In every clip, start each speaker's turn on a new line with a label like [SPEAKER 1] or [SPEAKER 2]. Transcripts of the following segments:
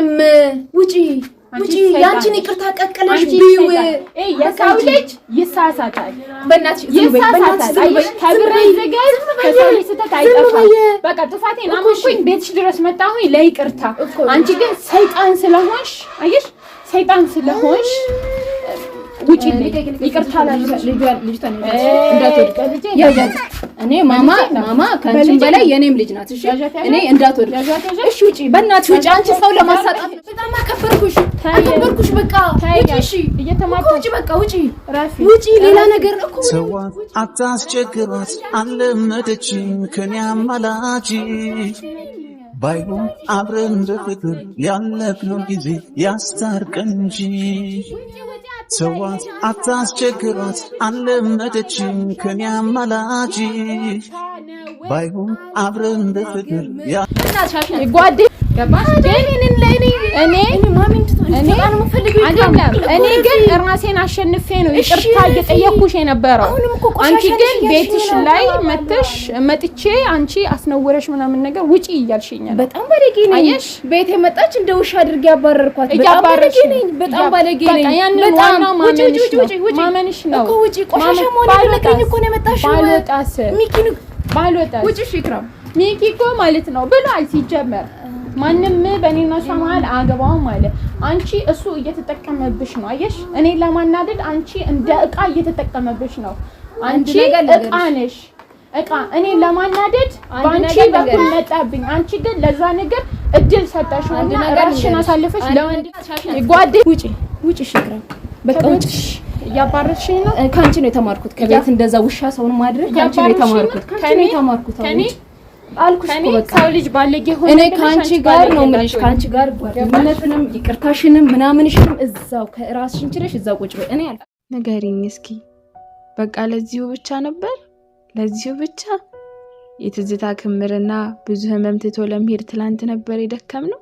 [SPEAKER 1] አይሆንም። ውጪ ውጪ። ያንቺን ይቅርታ ቀቅለሽ ቢው
[SPEAKER 2] የሰው ልጅ ይሳሳታል። በእናትሽ ዝም በይ፣ በእናትሽ ዝም ይዘጋል። ከሰው በቃ ጥፋቴ አመንኩኝ፣ ቤትሽ ድረስ መጣሁኝ ለይቅርታ። አንቺ ግን ሰይጣን ስለሆንሽ አየሽ፣ ሰይጣን ስለሆንሽ ውጪ ይቅርታ እኔ ማማ ማማ ከአንቺም በላይ የእኔም ልጅ ናት። እሺ እኔ እንዳትወድቅ
[SPEAKER 1] እሺ። ውጪ በእናትሽ ውጪ። አንቺ ሰው ለማሳጣት በጣም አከበርኩሽ፣ አከበርኩሽ። በቃ እሺ፣ ውጪ፣ በቃ ውጪ፣ ውጪ። ሌላ ነገር እኮ
[SPEAKER 3] ሰዋን አታስቸግራት። አለመደችኝ ከኔ አማላጅ ባይሆን አብረን በፍቅር ያለፍነው ጊዜ ያስታርቀን እንጂ ሰዋት አታስቸግሯት አለመደችም ከኔ አማላጅ ባይሆን አብረን በፍቅር
[SPEAKER 2] እኔ ግን እራሴን አሸንፌ ነው ይቅርታ እየጠየኩሽ የነበረው። አንቺ ግን ቤትሽ ላይ መተሽ መጥቼ አንቺ አስነውረሽ ምናምን ነገር ውጪ እያልሽኛል። በጣም ባለጌ ነኝ።
[SPEAKER 1] ቤቴ መጣች እንደ ውሻ አድርጌ አባረርኳት።
[SPEAKER 2] በጣም ባለጌ ነኝ። ማመንሽ ነው። ውጪ ቆሻሻ መሆን ያለቀኝ እኮ ነው የመጣሽው። ባልወጣስ ሚኪን ባልወጣስ ውጪ። ሽክራም ሚኪ እኮ ማለት ነው ብሏል ሲጀመር ማንም በእኔና እሷ መሀል አገባውም አለ። አንቺ እሱ እየተጠቀመብሽ ነው። አየሽ፣ እኔ ለማናደድ አንቺ እንደ እቃ እየተጠቀመብሽ ነው። አንቺ እቃ ነሽ፣ እቃ። እኔ ለማናደድ በአንቺ በኩል መጣብኝ። አንቺ ግን ለዛ ነገር እድል ሰጠሽው እና ራስሽን አሳልፈሽ ለወንድ ጓዴ
[SPEAKER 1] ውጪ፣ ውጪ፣ ሽክራ በቃ ውጪ። እያባረርሽኝ ነው።
[SPEAKER 2] ከአንቺ ነው የተማርኩት። ከቤት እንደዛ ውሻ ሰውን ማድረግ ከአንቺ ነው የተማርኩት።
[SPEAKER 1] ከአንቺ ነው የተማርኩት። አልኩሽ በቃ
[SPEAKER 2] ሰው ልጅ ባለጌ ሆነ።
[SPEAKER 1] እኔ ካንቺ ጋር ነው የምልሽ፣ ካንቺ ጋር ጓደኝነትንም ይቅርታሽንም ምናምንሽንም እዛው ከራስሽን ችለሽ እዛው ቁጭ በይ። እኔ
[SPEAKER 4] ንገሪኝ እስኪ በቃ ለዚሁ ብቻ ነበር ለዚሁ ብቻ የትዝታ ክምርና ብዙ ህመም ትቶ ለመሄድ ትላንት ነበር የደከም ነው።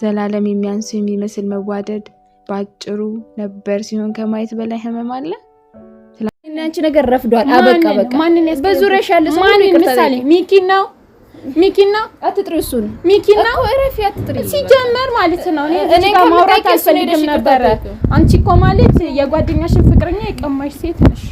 [SPEAKER 4] ዘላለም የሚያንሱ የሚመስል መዋደድ በአጭሩ ነበር ሲሆን ከማየት በላይ ህመም አለ።
[SPEAKER 2] አንቺ ነገር ረፍዷል። አበቃ በቃ። በዙሪያሽ ያለ
[SPEAKER 1] ሰው ምሳሌ ሚኪ ነው ሚኪ ነው። አትጥሪ እሱን ሚኪ ነው እኮ
[SPEAKER 2] እረፊ፣ አትጥሪ
[SPEAKER 1] ሲጀመር ማለት ነው። እኔ ከማውራት ማውራት አልፈልግም ነበረ።
[SPEAKER 2] አንቺ እኮ ማለት የጓደኛሽን ፍቅረኛ የቀማሽ ሴት ነሽ።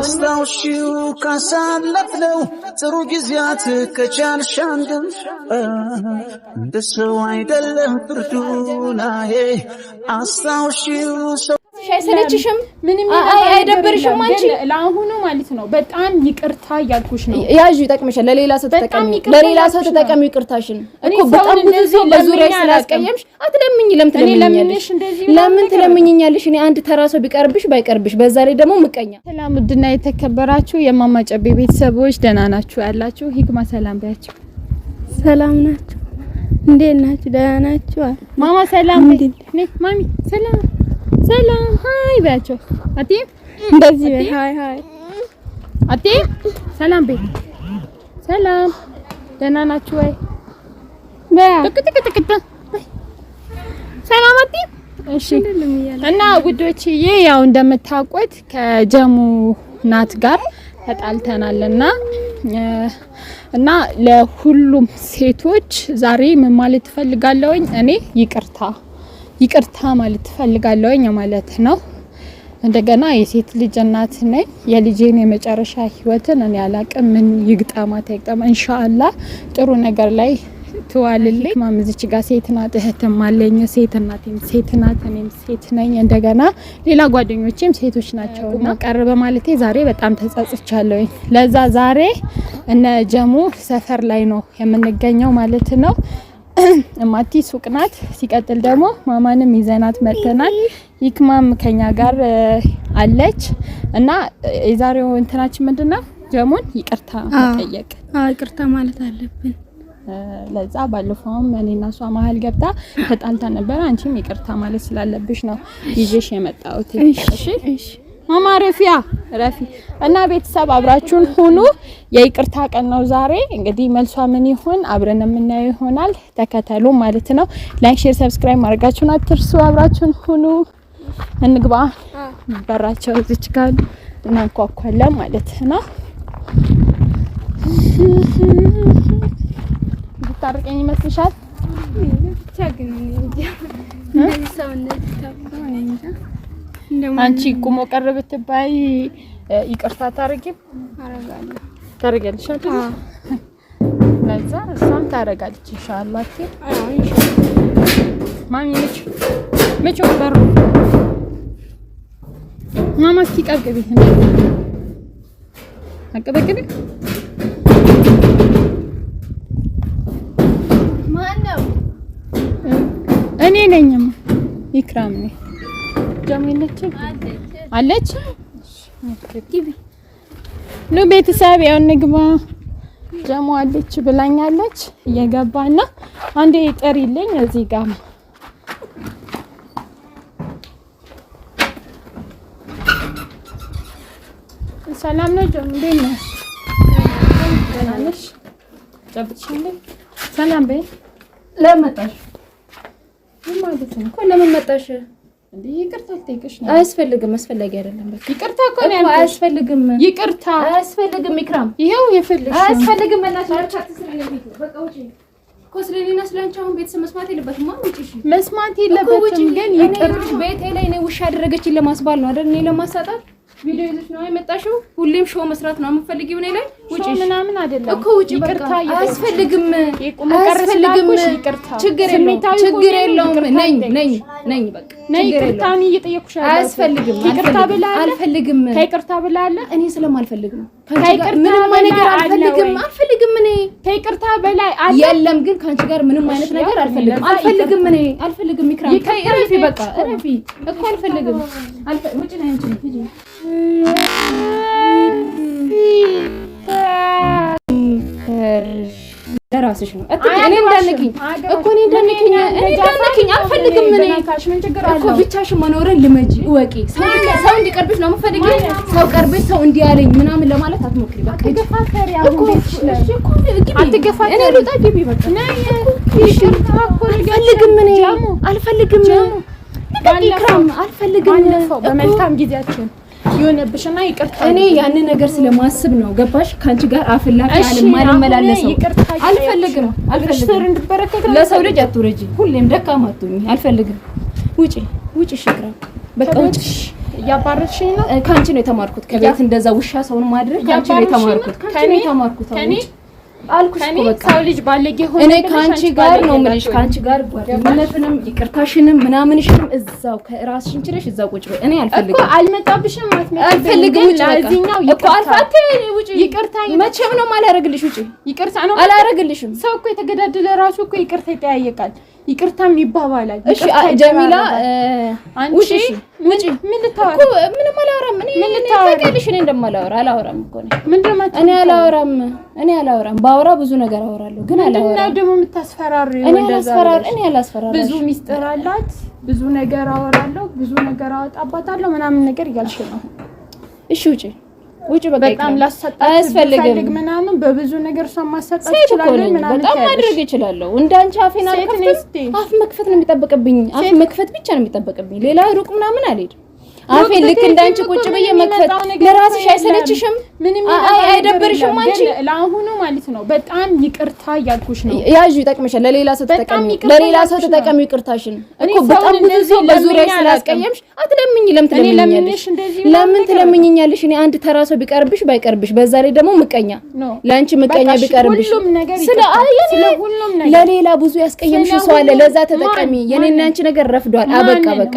[SPEAKER 3] አስታውሺው ካሳለፍነው ጥሩ ጊዜያት ከቻልሽ አንድም እንደ ሰው አይደለም ፍርዱና አስታውሺው
[SPEAKER 1] አይሰለችሽም? ምንም አይደብርሽም? አንቺ
[SPEAKER 2] ለአሁኑ ማለት ነው በጣም ይቅርታ እያልኩሽ ነው።
[SPEAKER 1] ያዥ ይጠቅምሻል። ለሌላ ሰው ተጠቀሚ፣
[SPEAKER 2] ለሌላ ሰው ተጠቀሚ ይቅርታሽን።
[SPEAKER 1] እኮ በጣም ብዙ ሰው በዙሪያ ስላስቀየምሽ
[SPEAKER 2] አትለምኝ። ለምን
[SPEAKER 1] ትለምኛለሽ?
[SPEAKER 2] ለምን ትለምኝኛለሽ? እኔ አንድ ተራ ሰው ቢቀርብሽ ባይቀርብሽ፣ በዛ ላይ ደግሞ ምቀኛ።
[SPEAKER 4] ሰላም ውድና የተከበራችሁ የማማ ጨቤ ቤተሰቦች ደህና ናችሁ? ያላችሁ ሂክማ ሰላም ባያችሁ። ሰላም ናችሁ? እንዴት ናችሁ? ደህና ናችሁ? ማማ ሰላም ነኝ። ማሚ ሰላም ሰላም ሀይ በያቸው። አቲ እንደዚህ በይ ሀይ ሀይ። አቲ ሰላም በይ። ሰላም ደህና ናችሁ ወይ? በያ ሰላም አቲ። እሺ
[SPEAKER 5] እና ውዶችዬ ያው እንደምታውቁት ከጀሙ ናት ጋር ተጣልተናልና እና ለሁሉም ሴቶች ዛሬ ምን ማለት እፈልጋለሁኝ እኔ ይቅርታ ይቅርታ ማለት እፈልጋለሁኝ ማለት ነው። እንደገና የሴት ልጅ እናት ነኝ። የልጄን የመጨረሻ ህይወትን እኔ አላቅም። ምን ይግጠማት አይግጠማ፣ እንሻአላ ጥሩ ነገር ላይ ትዋልልኝ። ማምዝች ጋር ሴት ናት፣ እህትም አለኝ ሴት እናቴም ሴት ናት፣ እኔም ሴት ነኝ። እንደገና ሌላ ጓደኞችም ሴቶች ናቸው። ቀር በማለቴ ዛሬ በጣም ተጸጽቻለሁኝ። ለዛ ዛሬ እነ ጀሙ ሰፈር ላይ ነው የምንገኘው ማለት ነው። እማቲ ሱቅ ናት። ሲቀጥል ደግሞ ማማንም ይዘናት መጥተናል። ይክማም ከኛ ጋር አለች እና የዛሬው እንትናችን ምንድነው? ጀሙን ይቅርታ
[SPEAKER 4] መጠየቅ። ይቅርታ ማለት አለብን።
[SPEAKER 5] ለዛ ባለፈውም እኔና እሷ መሀል ገብታ ተጣልታ ነበረ። አንቺም ይቅርታ ማለት ስላለብሽ ነው ይዤሽ የመጣሁት። እሺ እሺ ማማ ረፊያ ረፊ እና ቤተሰብ አብራችሁን ሁኑ። የይቅርታ ቀን ነው ዛሬ። እንግዲህ መልሷ ምን ይሆን አብረን የምናየው ይሆናል። ተከተሉ ማለት ነው። ላይክ፣ ሼር፣ ሰብስክራይብ ማድረጋችሁን አትርሱ። አብራችሁን ሁኑ። እንግባ። በራቸው እዚች ጋር እናንኳኳለን ማለት ነው። ብታርቀኝ ይመስልሻል?
[SPEAKER 4] ብቻ ግን ሰውነት
[SPEAKER 5] አንቺ ቁሞ ቀረ ብትባይ ይቅርታ ታረጊም አረጋለሁ። አይደል? ለዛ እሷም ታረጋለች። ኢንሻአላህ ማሚ ልጅ መቼ ወበሩ ማማ እስኪ ቀቅቤ አቀበቅቤ ማነው? እኔ ነኝማ ኢክራም ነኝ። ጎጃም የለችም አለች። ኑ ቤተሰብ ያው ንግባ ጀሞ አለች ብላኛለች። እየገባና አንዴ ጥሪልኝ እዚህ ጋር ሰላም ነው። ጀሙ እንዴት ነው? ደህና ነሽ? ጨብጭልኝ። ሰላም በይ። ለምን መጣሽ? ምን ማለት ነው? ለምን መጣሽ? እንዴ ይቅርታ
[SPEAKER 4] አያስፈልግም፣ አስፈላጊ አይደለም።
[SPEAKER 5] በቃ ይቅርታ እኮ
[SPEAKER 4] አያስፈልግም፣ ይቅርታ አያስፈልግም። ኢክራም
[SPEAKER 5] ይሄው የፈልግሽ
[SPEAKER 1] ቤተሰብ መስማት የለበትም። ማን
[SPEAKER 2] መስማት የለበትም።
[SPEAKER 1] ግን ይቅርታ
[SPEAKER 2] ቤቴ ላይ ነው ውሻ ያደረገችኝ ለማስባል ነው አይደል? እኔ ለማሳጣት ቪዲዮ ይዘሽ ነው የመጣሽው። ሁሌም ሾው መስራት ነው የምትፈልጊው። እኔ ላይ ውጪ ምናምን አይደለም እኮ ውጪ። ይቅርታ አያስፈልግም፣
[SPEAKER 1] አያስፈልግም። ችግር የለውም።
[SPEAKER 2] ችግር የለውም።
[SPEAKER 1] ነኝ ነኝ ነኝ በቃ
[SPEAKER 2] ነይ ይቅርታውን እየጠየኩሽ
[SPEAKER 1] አያስፈልግም። ይቅርታ ብላ አልፈልግም።
[SPEAKER 2] ከይቅርታ አለ
[SPEAKER 1] እኔ ስለማልፈልግ
[SPEAKER 2] ምንም ነገር
[SPEAKER 1] አልፈልግም አልፈልግም። እኔ
[SPEAKER 2] ከይቅርታ በላይ
[SPEAKER 1] የለም፣ ግን ከአንቺ ጋር ምንም አይነት ነገር አልፈልግም
[SPEAKER 2] አልፈልግም። እኔ
[SPEAKER 1] አልፈልግም። ይክራም እረፊ፣ በቃ እረፊ እኮ አልፈልግም።
[SPEAKER 2] ውጭ ነይ አንቺ ሂጂ ለራስሽ ነው። እኔ እንዳንኪኝ
[SPEAKER 1] እኮ እኔ እንዳንኪኝ
[SPEAKER 2] እኔ እንዳንኪኝ አልፈልግም። እኔ ብቻሽን መኖርን ልመጂ እወቂ። ሰው እንዲቀርብሽ ነው የምትፈልጊው።
[SPEAKER 1] ሰው ቀርብሽ ሰው እንዲያለኝ ምናምን ለማለት አትሞክሪ።
[SPEAKER 2] አልፈልግም። እኔ አልፈልግም።
[SPEAKER 1] በመልካም ጊዜያችን
[SPEAKER 2] የሆነብሽና ይቅርታ
[SPEAKER 1] እኔ ያንን ነገር ስለማስብ ነው። ገባሽ? ከአንቺ ጋር አፍላ አልመላለስም፣ አልፈልግም፣
[SPEAKER 2] አልፈልግም።
[SPEAKER 1] ለሰው ልጅ አትውረጂ፣
[SPEAKER 2] ሁሌም ደካማ አትሁኝ።
[SPEAKER 1] አልፈልግም። ውጪ፣ ውጪ፣ ሽግራ በቃ ውጪ። ያባረርሽኝ ነው።
[SPEAKER 2] ከአንቺ ነው የተማርኩት። ከቤት እንደዛ ውሻ ሰውን ማድረግ
[SPEAKER 1] ከአንቺ ነው የተማርኩት።
[SPEAKER 2] ከአንቺ ነው የተማርኩት። አልኩሽ እኮ በቃ እኔ ካንቺ ጋር ነው የምልሽ፣ ካንቺ ጋር
[SPEAKER 1] ጓደኝነትንም
[SPEAKER 2] ይቅርታሽንም ምናምንሽንም እዛው ከራስሽን ችለሽ እዛው ቁጭ በይ። እኔ አልፈልግም እኮ አልመጣብሽም፣
[SPEAKER 1] አልፈልግም እኮ አልፋት። ውጪ ይቅርታ፣
[SPEAKER 2] መቼም ነው የማላረግልሽ። ውጪ ይቅርታ ነው አላረግልሽም።
[SPEAKER 1] ሰው እኮ የተገዳደለ ራሱ እኮ ይቅርታ ይጠያየቃል።
[SPEAKER 2] ይቅርታም ይባባላል።
[SPEAKER 1] እሺ ጀሚላ አንቺ ምን ምን ልታወራ
[SPEAKER 2] እኮ ምንም አላወራም። እኔ ምን ልታወራ እሺ፣ እኔ እንደማላወራ አላወራም እኮ ነኝ። ምንድን ነው
[SPEAKER 1] እኔ አላወራም፣ እኔ አላወራም። ባወራ ብዙ ነገር አወራለሁ፣
[SPEAKER 2] ግን አላወራም። እና ደግሞ የምታስፈራሪ
[SPEAKER 1] እኔ አላስፈራሪ፣
[SPEAKER 2] እኔ አላስፈራሪ። ብዙ ሚስጥር አላት፣ ብዙ ነገር አወራለሁ፣ ብዙ ነገር አወጣባታለሁ ምናምን ነገር እያልሽ ነው። እሺ ውጪ ውጭ በቃ በጣም ላሳጣት ምናምን በብዙ ነገር እሷን ማሳጣት ይችላል። ምናምን በጣም
[SPEAKER 1] ማድረግ እችላለሁ። እንደ አንቺ አፌን
[SPEAKER 2] አልከፍትም።
[SPEAKER 1] አፍ መክፈት ነው የሚጠበቅብኝ። አፍ መክፈት ብቻ ነው የሚጠበቅብኝ። ሌላ ሩቅ ምናምን አልሄድም።
[SPEAKER 2] አፌ ልክ እንዳንቺ ቁጭ ብዬ መክፈት
[SPEAKER 1] ለራስሽ አይሰለችሽም?
[SPEAKER 2] ምንም አይደብርሽም? አንቺ
[SPEAKER 1] ለአሁኑ ማለት ነው በጣም ይቅርታ እያልኩሽ ነው።
[SPEAKER 2] ያዥ ይጠቅምሻል። ለሌላ ሰው ተጠቀሚ፣
[SPEAKER 1] ለሌላ ሰው ተጠቀሚ ይቅርታሽን።
[SPEAKER 2] እኮ በጣም ብዙ ሰው በዙሪያ ስላስቀየምሽ
[SPEAKER 1] አትለምኝ። ለምን
[SPEAKER 2] ትለምኛለሽ?
[SPEAKER 1] ለምን ትለምኝኛለሽ? እኔ አንድ ተራ ሰው ቢቀርብሽ ባይቀርብሽ፣ በዛ ላይ ደግሞ ምቀኛ፣ ለአንቺ ምቀኛ ቢቀርብሽ፣ ስለ ለሌላ ብዙ ያስቀየምሽ ሰው አለ። ለዛ ተጠቀሚ።
[SPEAKER 2] የኔና አንቺ ነገር ረፍዷል። አበቃ በቃ።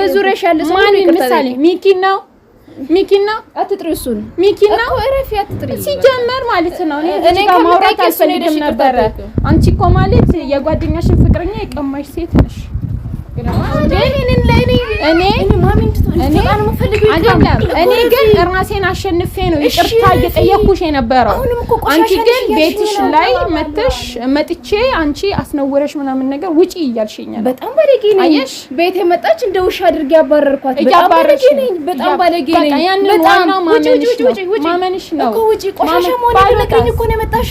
[SPEAKER 2] በዙሪያሽ ያለ ሰው
[SPEAKER 1] ይቅርታ ለምሳሌ ሚኪን ነው ሚኪን ነው አትጥሪ፣ እሱን ሚኪን ነው
[SPEAKER 2] እረፊ፣ አትጥሪ።
[SPEAKER 1] ሲጀመር ማለት ነው
[SPEAKER 2] እኔ ከማውራት አልፈልግም ነበረ።
[SPEAKER 1] አንቺ እኮ ማለት የጓደኛሽን ፍቅረኛ የቀማሽ ሴት ነሽ።
[SPEAKER 2] እኔ ግን ራሴን አሸንፌ ነው ይቅርታ እየጠየኩሽ የነበረው። አንቺ ግን ቤትሽ ላይ መተሽ መጥቼ አንቺ አስነውረሽ ምናምን ነገር ውጪ እያልሽኛል።
[SPEAKER 1] በጣም ባለጌ ነኝ። ቤት የመጣች እንደ ውሻ አድርጌ አባረርኳት።
[SPEAKER 2] በጣም ባለጌ ነኝ።
[SPEAKER 1] ማመንሽ ነው። ቆሻሻ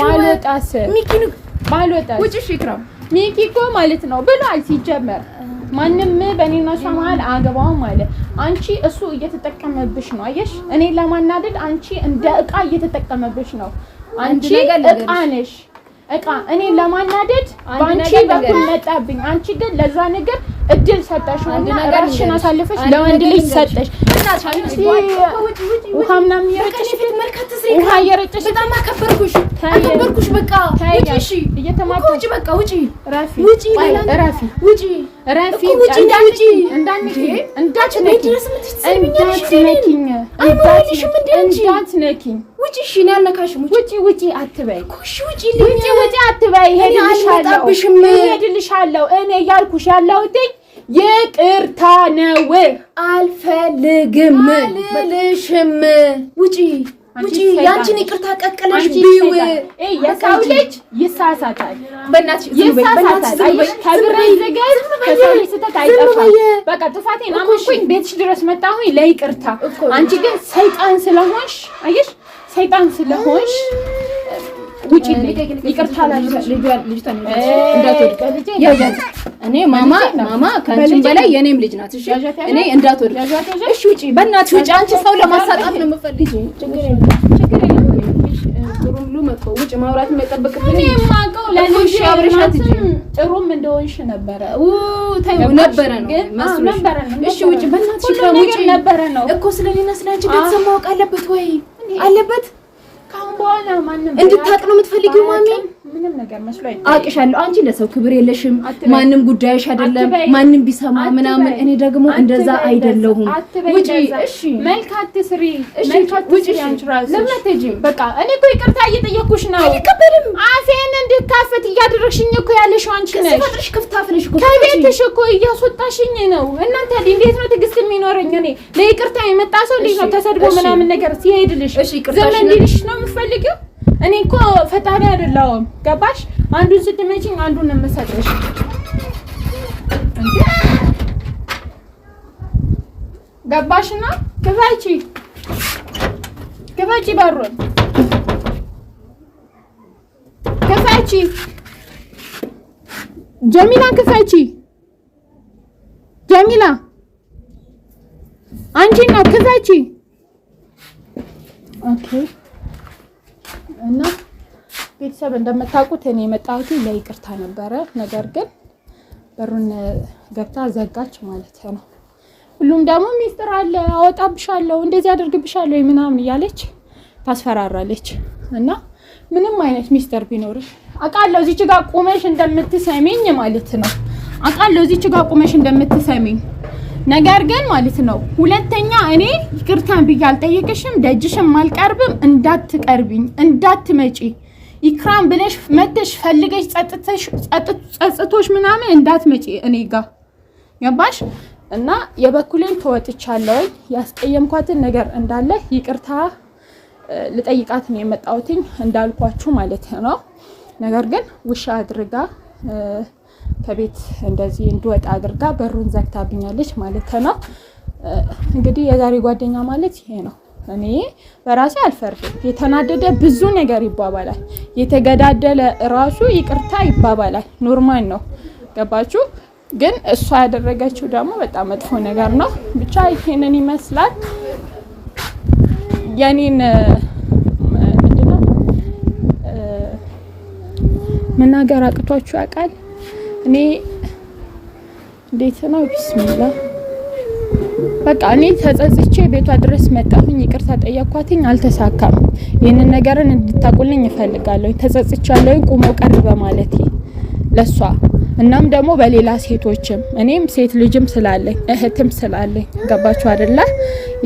[SPEAKER 2] ባልወጣስ ሚኪ እኮ ማለት ነው ብሏል ሲጀመር ማንም በእኔና እሷ መሀል አገባውም አለ። አንቺ እሱ እየተጠቀመብሽ ነው። አየሽ፣ እኔ ለማናደድ አንቺ እንደ እቃ እየተጠቀመብሽ ነው። አንቺ እቃ ነሽ፣ እቃ። እኔ ለማናደድ በአንቺ በኩል መጣብኝ። አንቺ ግን ለዛ ነገር እድል ሰጠሽ
[SPEAKER 1] እና ራስሽን አሳልፈሽ ለወንድ ልጅ ሰጠሽ። ውሃ ምናምን የረጨሽ መልካት ውሃ እየረጨሽ
[SPEAKER 2] በጣም አከበርኩሽ፣ አከበርኩሽ። በቃ ውጪ፣
[SPEAKER 1] እየተማከውጭ በቃ ውጪ፣ ረፊ፣ ውጪ፣ ረፊ፣ ውጪ፣ ረፊ፣ ውጪ፣ እንዳትወጪ፣ እንዳትነኪኝ፣ ውጪ፣ እሺ፣ እኔ አልነካሽም።
[SPEAKER 2] ውጪ፣ ውጪ አትበይ፣ ውጪ፣ ውጪ አትበይ።
[SPEAKER 1] እሄድልሻለሁ እኔ እያልኩሽ ያለሁትኝ ይቅርታ ነው። አልፈልግም፣
[SPEAKER 2] አልልሽም።
[SPEAKER 1] ውጪ ውጪ ያንቺን ይቅርታ ቀቅለሽ ቢው
[SPEAKER 2] የሰው ልጅ ይሳሳታል። በእናትሽ ጥፋቴን አመንኩኝ፣ ቤትሽ ድረስ መጣሁኝ ለይቅርታ። አንቺ ግን ሰይጣን ስለሆንሽ አየሽ፣ ሰይጣን ስለሆንሽ ውጪ ይቅርታ
[SPEAKER 1] እኔ ማማ ማማ ከአንቺ በላይ የኔም ልጅ ናት። እሺ
[SPEAKER 2] እኔ እንዳትወድቅ።
[SPEAKER 1] እሺ ውጪ፣ በእናትሽ ውጪ። አንቺ ሰው ለማሳጣት ነው የምፈልጊ።
[SPEAKER 2] ማውራት የማይጠበቅብኝ ጥሩም እንደሆንሽ ነበረ ነበረ ነው እኮ ስለኔና ስለአንቺ ቤተሰብ ማወቅ አለበት ወይ አለበት እንድታቅ ነው የምትፈልጊው ማሚ
[SPEAKER 1] ምንም ነገር መስሎ
[SPEAKER 2] አውቅሻለሁ። አንቺ ለሰው ክብር የለሽም። ማንም ጉዳይሽ አይደለም። ማንም ቢሰማ ምናምን። እኔ ደግሞ እንደዛ አይደለሁም።
[SPEAKER 1] ውጪ እሺ፣
[SPEAKER 2] መልክ አትስሪ። እሺ፣ ውጪ። አንቺ ራስሽ ለምን አትሄጂም?
[SPEAKER 1] በቃ እኔ እኮ ይቅርታ እየጠየኩሽ ነው። አይቀበልም። አፌን እንድካፈት እያደረግሽኝ እኮ ያለሽው አንቺ ነሽ። ከስፋትሽ ከፍታፍንሽ እኮ
[SPEAKER 2] ከቤትሽ እኮ እያስወጣሽኝ ነው። እናንተ እንዴት ነው ትዕግስት የሚኖረኝ? እኔ
[SPEAKER 1] ለይቅርታ የመጣ ሰው እንዴት ነው ተሰድቦ ምናምን ነገር ሲሄድልሽ? ዘመን ይቅርታሽ ነው የምትፈልጊው? እኔ እኮ ፈጣሪ አይደለሁም። ገባሽ? አንዱን ስትመችኝ አንዱን የምሰጥሽ ገባሽና ግባጪ ግባጪ በሩን ክፈቺ ጀሚላ ክፈቺ ጀሚላ አንቺ ነው ክፈቺ ኦኬ እና ቤተሰብ እንደምታውቁት እኔ የመጣሁት ለይቅርታ ነበረ። ነገር ግን በሩን ገብታ ዘጋች ማለት ነው። ሁሉም ደግሞ ሚስጥር አለ፣ አወጣብሻለሁ፣ እንደዚህ አደርግብሻለሁ ምናምን እያለች ታስፈራራለች። እና ምንም አይነት ሚስጥር ቢኖርሽ አውቃለሁ እዚች ጋር ቁመሽ እንደምትሰሚኝ ማለት ነው። አውቃለሁ እዚች ጋር ቁመሽ እንደምትሰሚኝ ነገር ግን ማለት ነው ሁለተኛ እኔ ይቅርታን ብዬ አልጠየቅሽም፣ ደጅሽም አልቀርብም። እንዳትቀርብኝ እንዳትመጪ ይክራም ብለሽ መተሽ ፈልገሽ ጸጥቶች ምናምን እንዳትመጪ እኔ ጋ ገባሽ? እና የበኩሌን ተወጥቻለሁ። ያስቀየምኳትን ነገር እንዳለ ይቅርታ ልጠይቃት ነው የመጣሁትኝ እንዳልኳችሁ ማለት ነው። ነገር ግን ውሻ አድርጋ ከቤት እንደዚህ እንድወጣ አድርጋ በሩን ዘግታብኛለች ማለት ነው። እንግዲህ የዛሬ ጓደኛ ማለት ይሄ ነው። እኔ በራሴ አልፈርድ የተናደደ ብዙ ነገር ይባባላል፣ የተገዳደለ ራሱ ይቅርታ ይባባላል። ኖርማል ነው። ገባችሁ? ግን እሷ ያደረገችው ደግሞ በጣም መጥፎ ነገር ነው። ብቻ ይሄንን ይመስላል የኔን ምንድነው መናገር አቅቷችሁ ያውቃል? እኔ እንዴት ነው ቢስሚላ በቃ እኔ ተጸጽቼ ቤቷ ድረስ መጣሁኝ፣ ይቅርታ ጠየኳትኝ፣ አልተሳካም። ይህንን ነገርን እንድታቁልኝ እፈልጋለሁ። ተጸጽቻለሁ ቁሞ ቀር በማለቴ ለሷ እናም ደግሞ በሌላ ሴቶችም እኔም ሴት ልጅም ስላለኝ እህትም ስላለኝ ገባችሁ አይደለ?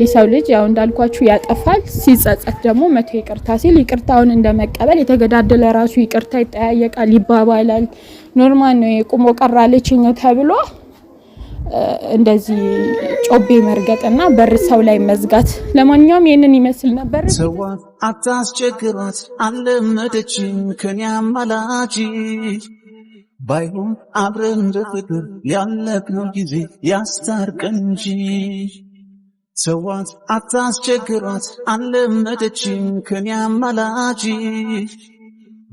[SPEAKER 1] የሰው ልጅ ያው እንዳልኳችሁ ያጠፋል። ሲጸጸት ደግሞ መቶ ይቅርታ ሲል ይቅርታውን እንደመቀበል የተገዳደለ ራሱ ይቅርታ ይጠያየቃል፣ ይባባላል ኖርማል ነው የቁሞ ቀራ ተብሎ እንደዚህ ጮቤ መርገጥና በር ሰው ላይ መዝጋት። ለማንኛውም ይህንን ይመስል ነበር። ሰዋት አታስቸግሯት፣ አለመደችም ከኒያም አማላጅ ባይሆን አብረን በፍቅር ያለፍነው ጊዜ ያስታርቀን እንጂ። ሰዋት አታስቸግሯት፣ አለመደችም ከኒያም አማላጅ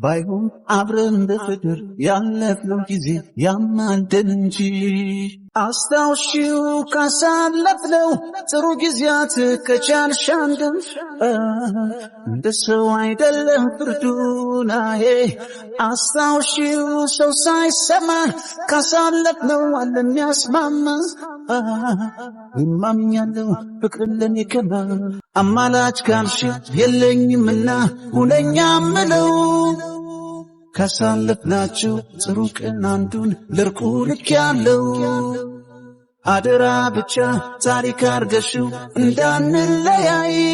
[SPEAKER 1] ባይሆን አብረን በፍቅር ያለፍነው ጊዜ ያማልደን እንጂ አስታውሺው ካሳለፍነው ጥሩ ጊዜያት ከቻልሽ አንድም እንደ ሰው አይደለም ፍርዱናዬ አስታውሺው ሰው ሳይሰማ ካሳለፍነው አለ የሚያስማማ ይማምኛለው ፍቅር ለኔ ክብር አማላች ካልሽ የለኝምና ሁነኛ ምለው ካሳለፍናችሁ ጥሩ ቀን አንዱን ልርቁ ልክ ያለው አደራ ብቻ ታሪክ አርገሽው እንዳንለያይ